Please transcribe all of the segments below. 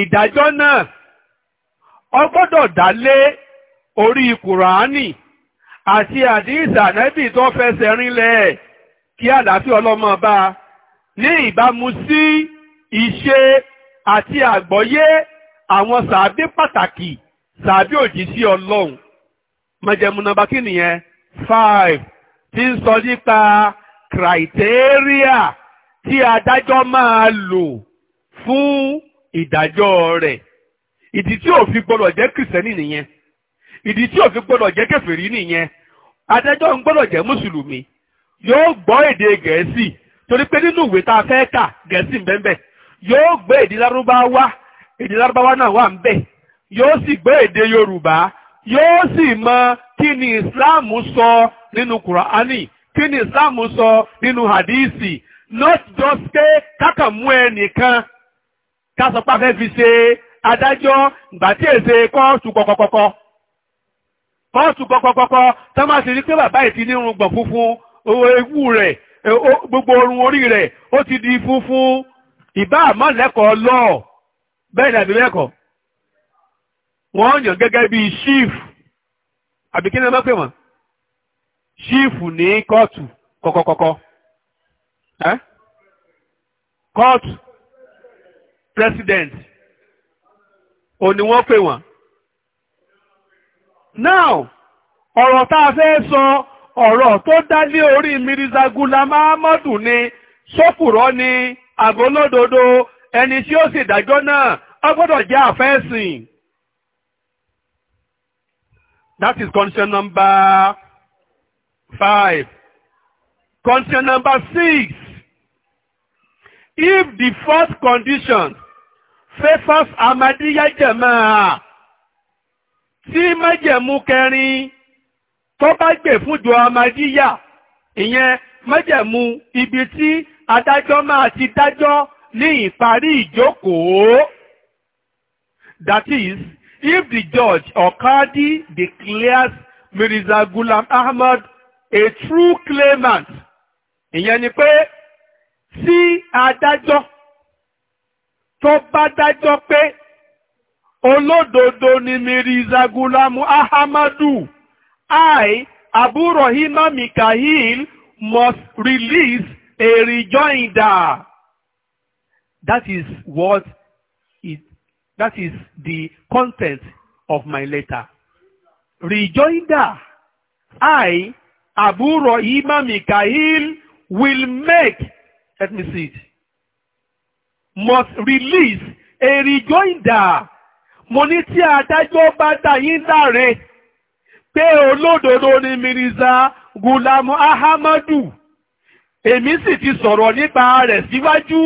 ìdájọ́ náà ó gbọ́dọ̀ dá lé orí kùránì àti àdìsà nẹ́bì tó fẹsẹ̀ rinlẹ̀ kí àlàáfíà ọlọ́mọ bá ní ìbámu sí ìṣe àti àgbọ́yé àwọn sàábí pàtàkì sàábí òjíṣẹ́ ọlọ́run májẹ̀mú kí nìyẹn five tí ń sọ nípa kìrìtẹ́ríà tí adájọ́ máa lò fún ìdájọ́ rẹ̀ ìdí tí ò fi gbọ́dọ̀ jẹ́ kìrìsẹ́nì nìyẹn ìdí tí ò fi gbọ́dọ̀ jẹ́ kẹfìrí nìyẹn adájọ́ ń gbọ́dọ̀ jẹ́ mùsùlùmí yóò gbọ́ èdè gẹ̀ẹ́sì torí pé nínú ìwé tá a fẹ́ kà gẹ̀ẹ́sì bẹ́ẹ̀ yóò gbé èdè lárúbáwá èdè lárúbáwá náà wà ń bẹ̀ yóò sì mọ kí islam sọ nínú kùránì kí islam sọ nínú not just kákàmú kásọpá fẹ́ fi ṣe adájọ́ ìgbà tí èsè kóòtù kọ̀kọ̀kọ̀kọ̀ kóòtù kọ̀kọ̀kọ̀kọ̀ tó máa ṣe rí pé bàbá yìí ti ní irun gbọ̀n funfun ewu rẹ̀ e, gbogbo orun orí rẹ̀ ó ti di funfun ìbá àmọ́ lẹ́kọ̀ọ́ lọ́ọ̀ bẹ́ẹ̀ ni àbí lẹ́kọ̀ọ́ wọ́n yàn gẹ́gẹ́ bí chief àbí kí ni wọ́n pè wọ́n chief ní kóòtù kọ̀kọ̀kọ̀kọ̀ kóòtù president ò ní wọ́n pè wọ́n. now ọ̀rọ̀ tá a fẹ́ sọ ọ̀rọ̀ tó dálé orí Mirza Ghulam Ahmadu ni sọ́kùrọ́ ni àbólódodo ẹni tí ó sì dájọ́ náà ó gbọ́dọ̀ jẹ́ àfẹ́sìn. that is condition number five. condition number six if the first condition fẹ́fọ́s amadíyá Jamaa. tí májẹ̀mú kẹrin tó bá gbè fúnjọ amadíyá ìyẹn májẹ̀mú ibi tí adájọ́ máa ti dájọ́ ní ìparí ìjókòó. That is, if the judge or Qadi declares Mirza Gulam Ahmed a true claimant, ìyẹn ni pé sí adájọ́ tó bá dájọ́ pé olódodo ni Mirza Gulamu Ahmadu I Abu Rahima Mikahil must release a rejoinder. That is what it, that is the content of my letter. Rejoinder I Abu Rahima Mikahil will make let me see it must release a rejoinder mo ní tí adájọ́ bá dá yín láre pé olódodo ni Mirza Gulamu Ahamadu èmi sì ti sọ̀rọ̀ nípa rẹ̀ síwájú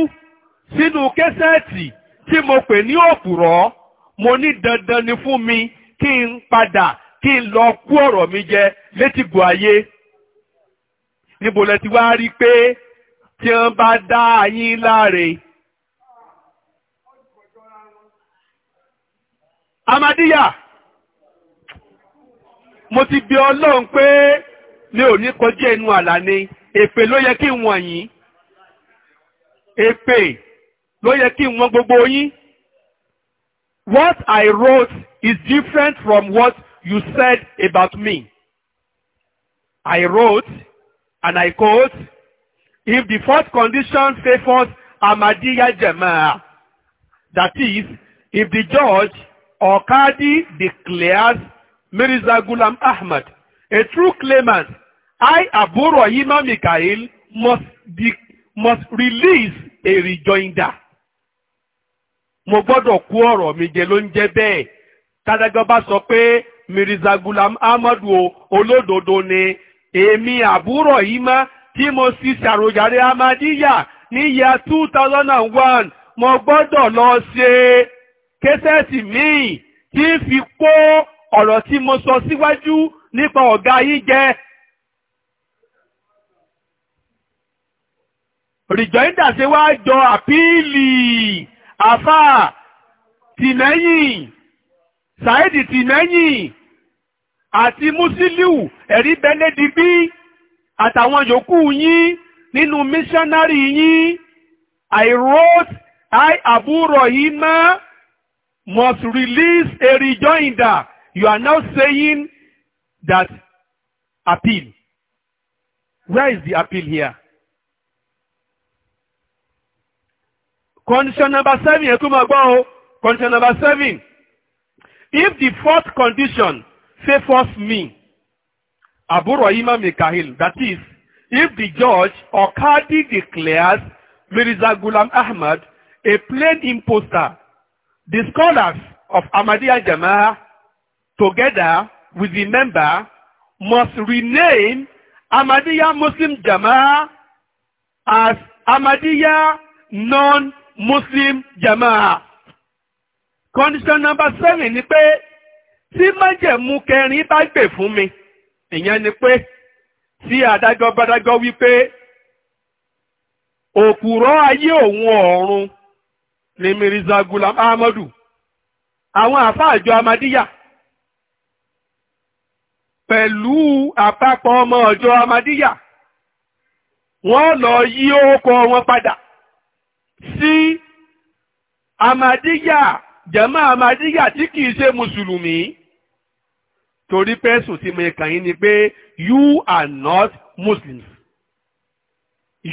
sínú kẹ́sẹ̀ẹ̀tì tí mo pè ní òpùrọ́ mo ní dandan ni fún mi kí n padà kí n lọ kú ọ̀rọ̀ mi jẹ létí gbọ́ ayé níbo lẹ ti wá rí pé tí wọ́n bá dá yín láre. amadíyà mo ti bí ọlọ́run pé mi ò ní kọjá ẹnu àlà ni èpè ló yẹ kí n wọ̀n yín èpè ló yẹ kí n wọ̀n gbogbo yín. What I wrote is different from what you said about me. I wrote, and I quote, if the first condition favors Ahmadiyya Jama'ah, that is, if the judge Okadi declares Mirza Ghulam Ahmad, a true claimant, I, Abu Rahima Mikhail, must, de must release a rejoinder. Mo gbọ́dọ̀ kú ọ̀rọ̀ mi jẹ ló ń jẹ́ bẹ́ẹ̀. Tádájọ́ bá sọ pé Mirza Ghulam Ahmad o olódodo ni èmi Abu Rahima tí mo sì ṣàròyàrí Ahmadiyya ní yẹ two thousand and one mo gbọ́dọ̀ lọ ṣe é kẹ́sẹ́ẹ̀tì míì tí ń fi kó ọ̀rọ̀ tí mo sọ síwájú nípa ọ̀gá yín jẹ. rìjọ́ìdà ṣe wá jọ àpíìlì àfáà tìmẹ́yìn ṣáìdì tìmẹ́yìn àti mùsílíù ẹ̀rí bẹ́lẹ́dì bí àtàwọn yòókù yín nínú missionary yín I wrote I Abu Rahima must release a rejoinder. You are now saying that appeal. Where is the appeal here? Condition number seven, ẹ tún Condition number seven. If the fourth condition favors me, àbúrò Ima Mikahil, that is, if the judge or Qadi declares Mirza Ghulam Ahmad a plain imposter The scholars of Ahmadiyya Jamaa, together with the member, must rename Ahmadiyya Muslim Jamaa as Ahmadiyya Non-Muslim Jamaa. Condition number seven ni pé tí májẹ̀mú kẹrin bá gbè fún mi, ìyẹn ni pé tí adájọ́ bádájọ́ wí pé òkúrọ́ ayé òun ọ̀run ní mirza gulam ahmadu àwọn àfáàjọ amadíyà pẹ̀lú àpapọ̀ ọmọ ọ̀jọ́ amadíyà wọ́n lọ yí orúkọ wọn padà sí amadíyà jàmá amadíyà tí kìí ṣe mùsùlùmí torí pẹ́sùn tí mo kàn yín ni pé you are not muslims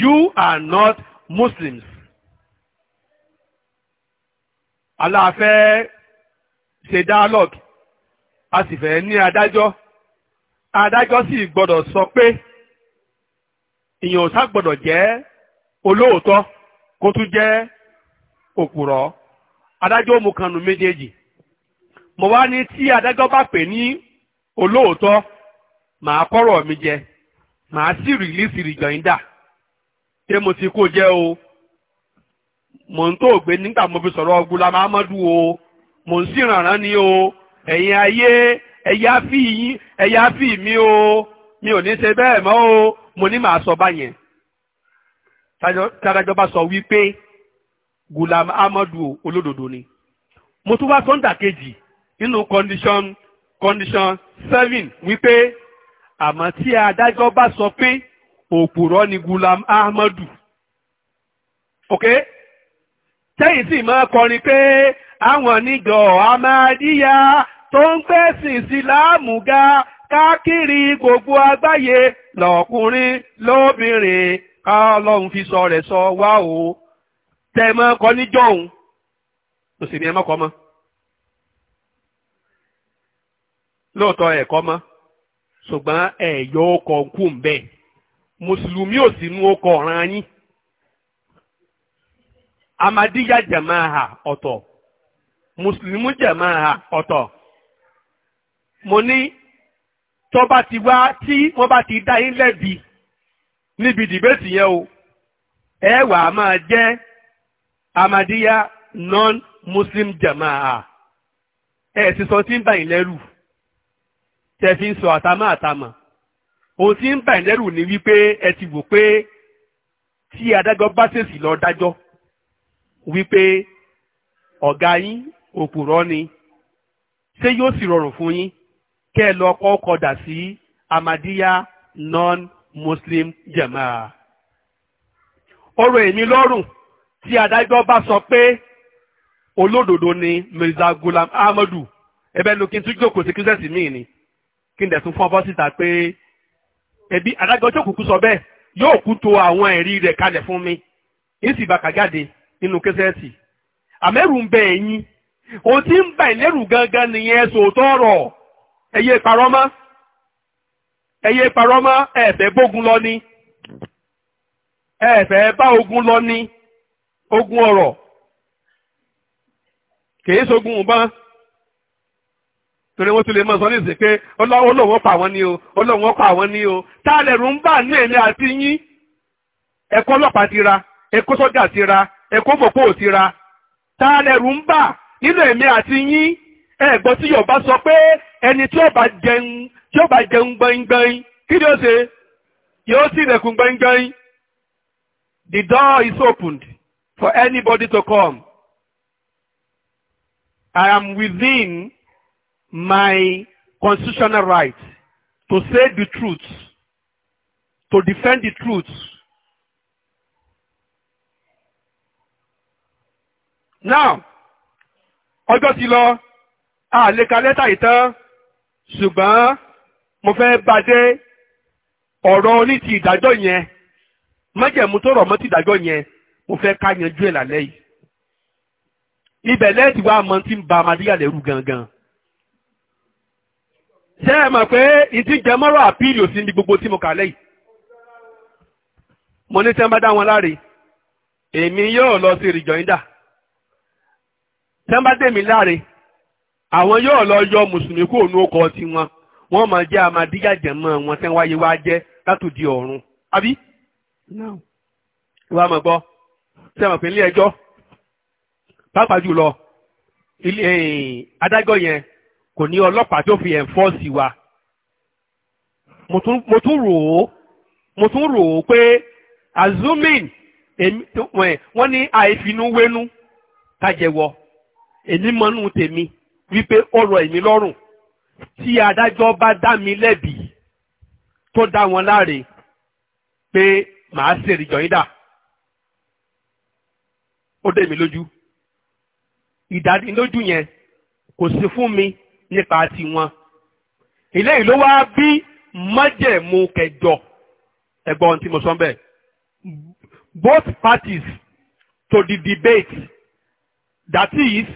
you are not muslims aláàfẹ́ ṣe dialogue a sì fẹ́ ní adájọ́ adájọ́ sì gbọ́dọ̀ sọ pé ìyàn sá gbọ́dọ̀ jẹ́ olóòótọ́ kó tún jẹ́ òpùrọ́ adájọ́ mú kanu méjèèjì mo wá ní tí adájọ́ bá pè ní olóòótọ́ màá kọ́rọ̀ mi jẹ màá sì rìlísì rìjọ́yìn dà ṣé mo ti kó jẹ́ o mò ń tó gbé nígbà mo fi sọ̀rọ̀ Gulama Amadu o mò ń sì rànràn ni o ẹ̀yin ayé ẹ̀yà fi yín ẹ̀yà fi mi o mi ò ní ṣe bẹ́ẹ̀ mọ́ o mo ní màá sọ báyẹn tàdájọ́ bá sọ wípé Gulama Amadu olódodo ni mo tún wá sọ́ńdà kejì nínú condition condition seven wípé àmọ́ tí adájọ́ bá sọ pé òpùrọ́ ni Gulam Ahmadu okay. sẹ́yìn sì máa kọrin pé àwọn níjọ amadíyà tó ń pẹ̀sìn ìsìláàmù ga káàkiri gbogbo àgbáyé lọ́kùnrin lóbìnrin ọlọ́run fi sọ rẹ̀ sọ wá o tẹ́ ẹ máa kọ níjọ́ òun ẹ mọ́kọ mọ́ lóòótọ́ ẹ̀kọ́ mọ́ ṣùgbọ́n ẹ̀yọ́ ọkọ̀ amadiya jamaha ọ̀tọ̀ mùsùlùmí jamaha ọ̀tọ̀ mo ní tó bá ti wá tí wọ́n bá ti dá yín lẹ́bi níbi dìbẹ́tì yẹn o ẹ wà á máa jẹ́ amadiya non-muslim Jamaa, ẹ sì sọ tí ń bà yín lẹ́rù tẹ̀ fi ń sọ àtàmọ́ àtàmọ́ ohun tí ń bà yín lẹ́rù ni wípé ẹ ti wò pé tí adájọ́ bá ṣèṣì lọ dájọ́ wípé ọ̀gá yín òpùrọ́ ni ṣé yóò sì rọrùn fún yín kẹ́ ẹ lọ kọ́ kọdà sí Ahmadiyya non-Muslim jamaa. ọ̀rọ̀ èmi lọ́rùn tí adájọ́ bá sọ pé olódodo ni Mirza Gulam Ahmadu ẹbẹ nu kí n tún jókòó sí kírísẹ́sì míì ni kí n dẹ̀ tún fọ́n bọ́ síta pé ẹbí adájọ́ ọjọ́ kúkú sọ bẹ́ẹ̀ yóò kú to àwọn ẹ̀rí rẹ̀ kalẹ̀ fún mi ń bàkà jáde nínú kẹsẹ́ẹ̀tì àmẹ́rù ń bẹ tí ń bà ìlẹ́rù gangan nìyẹn sòótọ́ ọ̀rọ̀ ẹ̀yẹ parọ́ mọ́ ẹ̀yẹ bógun lọ ni bá ogun lọ ni ọ̀rọ̀ kìí torí lè sọ ní ìsìn pé pa àwọn ni o pa ni o tá a lẹ̀rù ní àti yín ẹ̀kọ́ ọlọ́pàá ti ra ẹ̀kọ́ sọ́jà ti ra èkó fòpó ò ti ra ta lẹ̀rù ń bà nínú èmi àti yín ẹ̀gbọ́n tí yorùbá sọ pé ẹni tí ó bá jẹun tí ó bá jẹun gbẹ̀ngbẹ̀ng kí ni ó ṣe yóò sì rẹ̀kùn gbẹ̀ngbẹ̀ng the door is opened for anybody to come I am within my constitutional right to say the truth to defend the truth. now ọjọ́ ti lọ a lè ka lẹ́tà yìí tán ṣùgbọ́n mo fẹ́ bá dé ọ̀rọ̀ ní ti ìdájọ́ yẹn májẹ̀mú tó rọ̀ mọ́ ti ìdájọ́ yẹn mo fẹ́ ká yanjú ẹ̀ lálẹ́ yìí ibẹ̀ lẹ́ẹ̀tì wá mọ tí ń ba amadíyà lẹ́rù gangan ṣé ẹ mọ̀ pé ìdí jẹmọ́rọ̀ àpíìlì òsì ní gbogbo tí mo kà lẹ́yìn mo ní tí dá wọn láre èmi yóò lọ sí rìjọ́ńdà tẹ́ ń bá dèmí láre àwọn yóò lọ yọ mùsùlùmí kó òun ọkọ̀ tiwọn wọ́n máa jẹ́ amadíyà jẹ̀mọ́ wọn tẹ́ ń wáyé wá jẹ́ látòdì ọ̀run àbí. ìwà àmọ̀ gbọ́ tí a mọ̀ pé ilé ẹjọ́ pàápàá jùlọ adájọ́ yẹn kò ní ọlọ́pàá tó fi ẹ̀ǹfọ́ọ̀sì wa mo tún rò ó mo tún rò ó pé azumin wọ́n ní àìfinúwénú kájẹwọ́ èmi mọ́nú tèmi wípé ó rọ èmi lọ́rùn tí adájọ́ bá dá mi lẹ́bi tó dá wọn láre pé màá ṣèrè jọ̀yìn dà ó dé mi lójú ìdánilójú yẹn kò sí fún mi nípa tiwọn eléyìí ló wá bí májẹ̀mú kẹjọ ẹ̀gbọ́n tí mo sọ bẹ́ẹ̀ both parties to the debate that is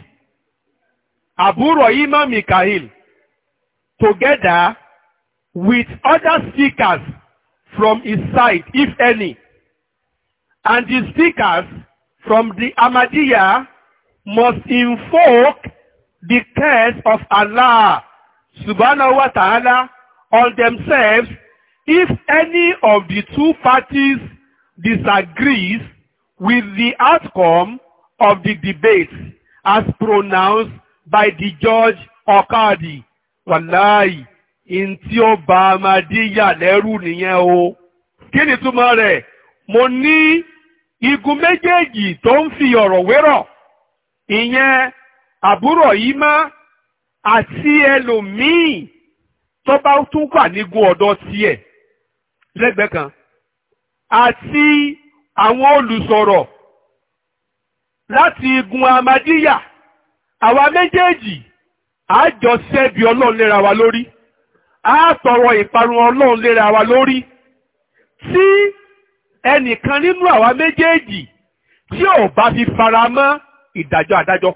Abu Rahima Mikhail, together with other speakers from his side, if any, and the speakers from the Ahmadiyya must invoke the curse of Allah subhanahu wa ta'ala on themselves if any of the two parties disagrees with the outcome of the debate as pronounced by the Judge Ọ̀kadì wàláì in tí ó bá Amadíyà lẹ́rù nìyẹn o. Kí ni túmọ̀ rẹ̀? Mo ní igun méjèèjì tó ń fi ọ̀rọ̀ wérọ̀. Ìyẹn àbúrò yìí má àti ẹlòmíì tó bá tún wà nígun ọ̀dọ́ tiẹ̀ lẹ́gbẹ̀ẹ́ kan àti àwọn olùsọ̀rọ̀ láti igun Amadíyà àwa méjèèjì àjọ sẹ́bi ọlọ́run léra wa lórí àtọrọ ìparun ọlọ́run léra wa lórí tí ẹnìkan nínú àwa méjèèjì tí ò bá fi fara mọ́ ìdájọ́ adájọ́.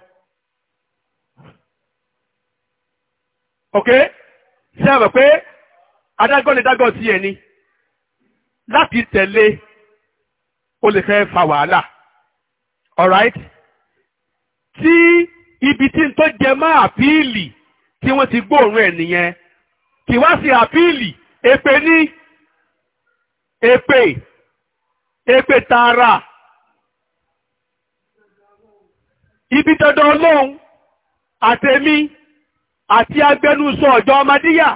ok ṣé àmọ̀ pé adágọ́ lè dágọ́ sí ẹni láti tẹ̀lé ó lè fẹ́ fa wàhálà All right. See ibi tí n tó jẹ mọ́ àpíìlì tí wọ́n ti gbóòórùn ẹ̀ nìyẹn kì wá sí àpíìlì èpè ní èpè èpè tààrà ibi dandan ọlọ́run àtẹ̀mí àti agbẹnusọ ọ̀jọ́ ọmọdíyà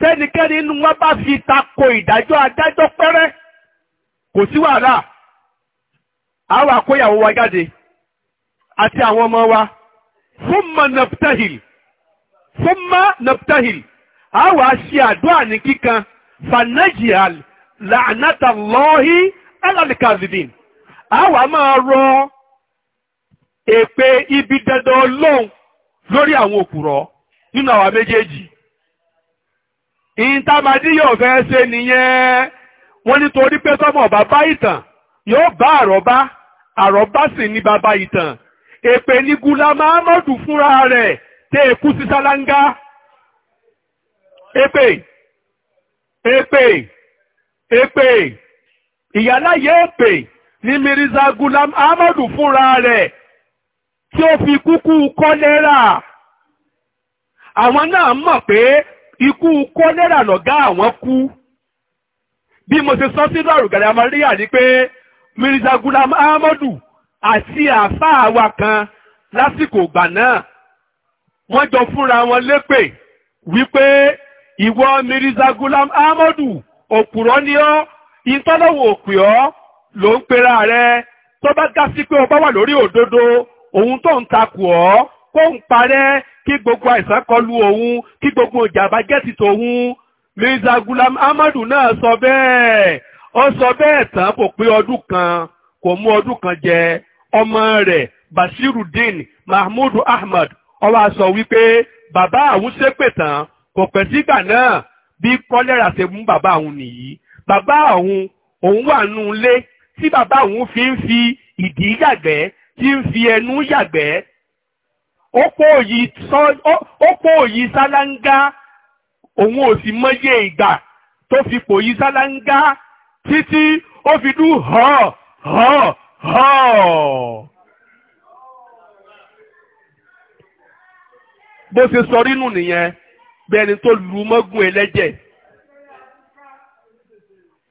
tẹ́nikẹ́ni inú wọn bá fi tako ìdájọ́ adájọ́ pẹ́rẹ́ kò sí wàhálà àwọn àkóyàwó wa jáde àti àwọn ọmọ wa. thumma nabtahil thumma nabtahil a wà á ṣe àdúrà ní kíkan fanajihal la'natallahi alalikazidin a wà á máa rọ èpè ibi dandan ọlọ́run lórí àwọn òkùrọ̀ nínú àwa méjèèjì ìntàmàdí yóò fẹ́ ṣe nìyẹn wọ́n nítorí pé sọ́mọ̀ bàbá ìtàn yóò bá àrọ́bá àrọ́bá sì ní bàbá èpè ní gula mahamadu fúnra rẹ̀ tẹ èkú sí sálángá èpè èpè èpè ìyáláyé èpè ní mirza gula mahamadu fúnra rẹ̀ tí ó fi kúkú kọ́lẹ́rà àwọn náà mọ̀ pé ikú kọ́lẹ́rà lọ̀gá àwọn kú bí mo ṣe sọ sínú àrùgàdà amaríyà ni pé mirza gulam ahmadu àti àáfàá wa kan lásìkò ìgbà náà wọ́n jọ fúnra wọn lépè wípé ìwọ Mirza Gulam Ahmadu òpùrọ́ ni ọ́ ìtọ́lọ́wọ̀ òpè ọ́ ló ń pera rẹ̀ tó bá dá sí pé ọba wà lórí òdodo òun tó ń takò ọ́ kó ń parẹ́ kí gbogbo àìsàn kọlu òun kí gbogbo ìjàmbá jẹ́ tòun Mirza Gulam Ahmadu náà sọ bẹ́ẹ̀ ó sọ bẹ́ẹ̀ tán kò pé ọdún kan kò mú ọdún kan jẹ ọmọ rẹ̀ Bashirudin Mahmood Ahmed ó wá sọ wípé bàbá àwọn ṣépè tán kò pẹ́ sígbà náà bí kọ́lẹ́rà ṣe mú bàbá àwọn nìyí bàbá àwọn òun wà nù lé tí bàbá àwọn fi ń fi ìdí yàgbẹ́ tí ń fi ẹnu yàgbẹ́ ó kó òyì sálángá òun ò sì mọyé ìgbà tó fi pòyì sálángá títí ó fi dún hàn hàn bó ṣe sọ rínú nìyẹn bẹ́ẹ̀ni tó lu mọ́gùn ẹlẹ́jẹ̀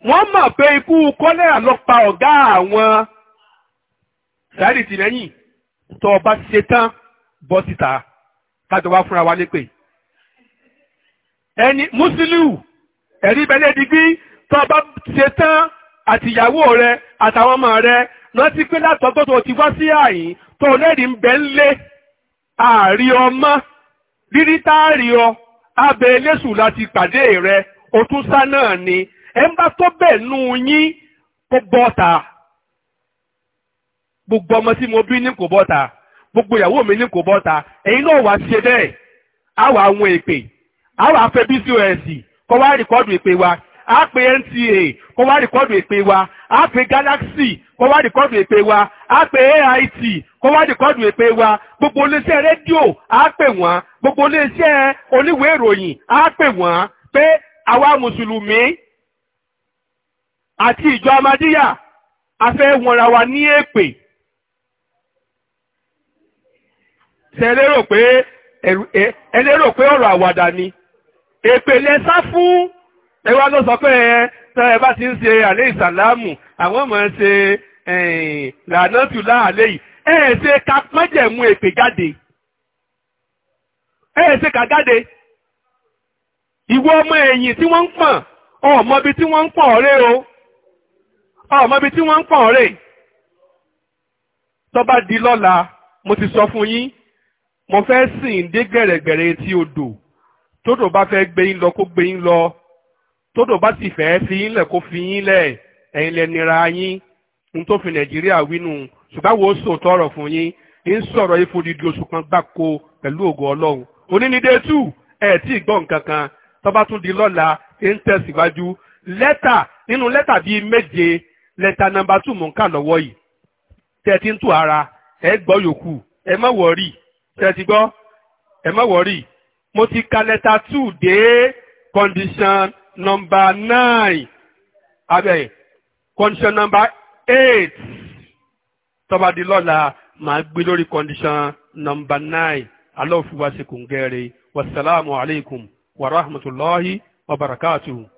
wọ́n mọ̀ pé ikú kọ́lẹ́rà ló pa ọ̀gá àwọn sáàrì tì lẹ́yìn tó ọba ṣe tán bọ́ síta kájọ wá fúnra wa lépè ẹni mùsùlùmù ẹ̀rí bẹ́lẹ́ digbí tó ọba ṣe tán àtìyàwó rẹ àtàwọn ọmọ rẹ rántí pé látọ̀tọ̀ tó ti wá sí àyín tó lẹ́rìí ń bẹ́ ń lé ààrí ọmọ rírí táàrí ọ abẹ eléṣù láti pàdé rẹ o tún náà ni ẹ ń bá tó bẹ́ẹ̀ nú yín kó bọ́ta gbogbo ọmọ tí mo bí ní kò bọ́ta gbogbo ìyàwó mi ní kò bọ́ta ẹ̀yin náà wá ṣe bẹ́ẹ̀ á wà àwọn èpè á wà fẹ́ bcos kó wá rìkọ́dù èpè wa á pe nta kó wá rìkọ́dù èpè wa á pè Galaxy kó wá rìkọ́dù èpè wa á pè AIT kó wá rìkọ́dù èpè wa gbogbo iléeṣẹ́ rédíò á pè wọ́n gbogbo iléeṣẹ́ oníwèé ìròyìn á pè wọ́n pé àwa mùsùlùmí àti ìjọ amadíyà a fẹ́ wọ̀nra wa ní èpè ṣẹlẹ́rò pé ẹlẹ́rò pé ọ̀rọ̀ àwàdà ni èpè lẹ́sà fún ẹ wá lọ sọ pé ẹ tẹ ẹ bá ti ń ṣe àlẹ́ ìsàlámù àwọn ọmọ ẹ ṣe lànà tùlá àlẹ́ yìí ẹ ẹ ṣe ká májẹ̀mú èpè jáde ẹ ẹ ṣe ká jáde ìwọ ọmọ ẹ̀yìn tí wọ́n ń pọ̀n ọmọbi tí wọ́n ń pọ̀n ọ̀rẹ́ o ọmọbi tí wọ́n ń pọ̀n ọ̀rẹ́ tó di lọ́la mo ti sọ fún yín mo fẹ́ sìn dé gbẹ̀rẹ̀gbẹ̀rẹ̀ etí odò tódò bá fẹ́ gbé yín lọ kó gbé yín lọ tódò bá sì fẹ́ fi yín lẹ̀ kó fi yín lẹ̀ ẹ̀yin lẹ nira yín n tó fi nàìjíríà wínú ṣùgbọ́n wo sò tọrọ fún yín ń sọ̀rọ̀ ìfòdìdì oṣù kan gbáko pẹ̀lú ògo ọlọ́run onínídé tù ẹ̀ tí ì gbọ́ nǹkan kan tọ́ba tún di lọ́la ń tẹ̀síwájú lẹ́tà nínú lẹ́tà bíi méje lẹ́tà nọ́mbà tù mò ń lọ́wọ́ yìí tẹ̀tí ń tù ara ẹ gbọ́ yòókù ẹ má wọ̀ọ́rì tẹ̀tí gbọ́ ẹ má wọ̀ọ́rì mo ti ka lẹ́tà tù dé condition number nine abẹ condition number eight tó bá di lọ́la màá gbé lórí condition number nine alọ́ fún wa ṣe kò wa rahmatulahi wa barakatuhu.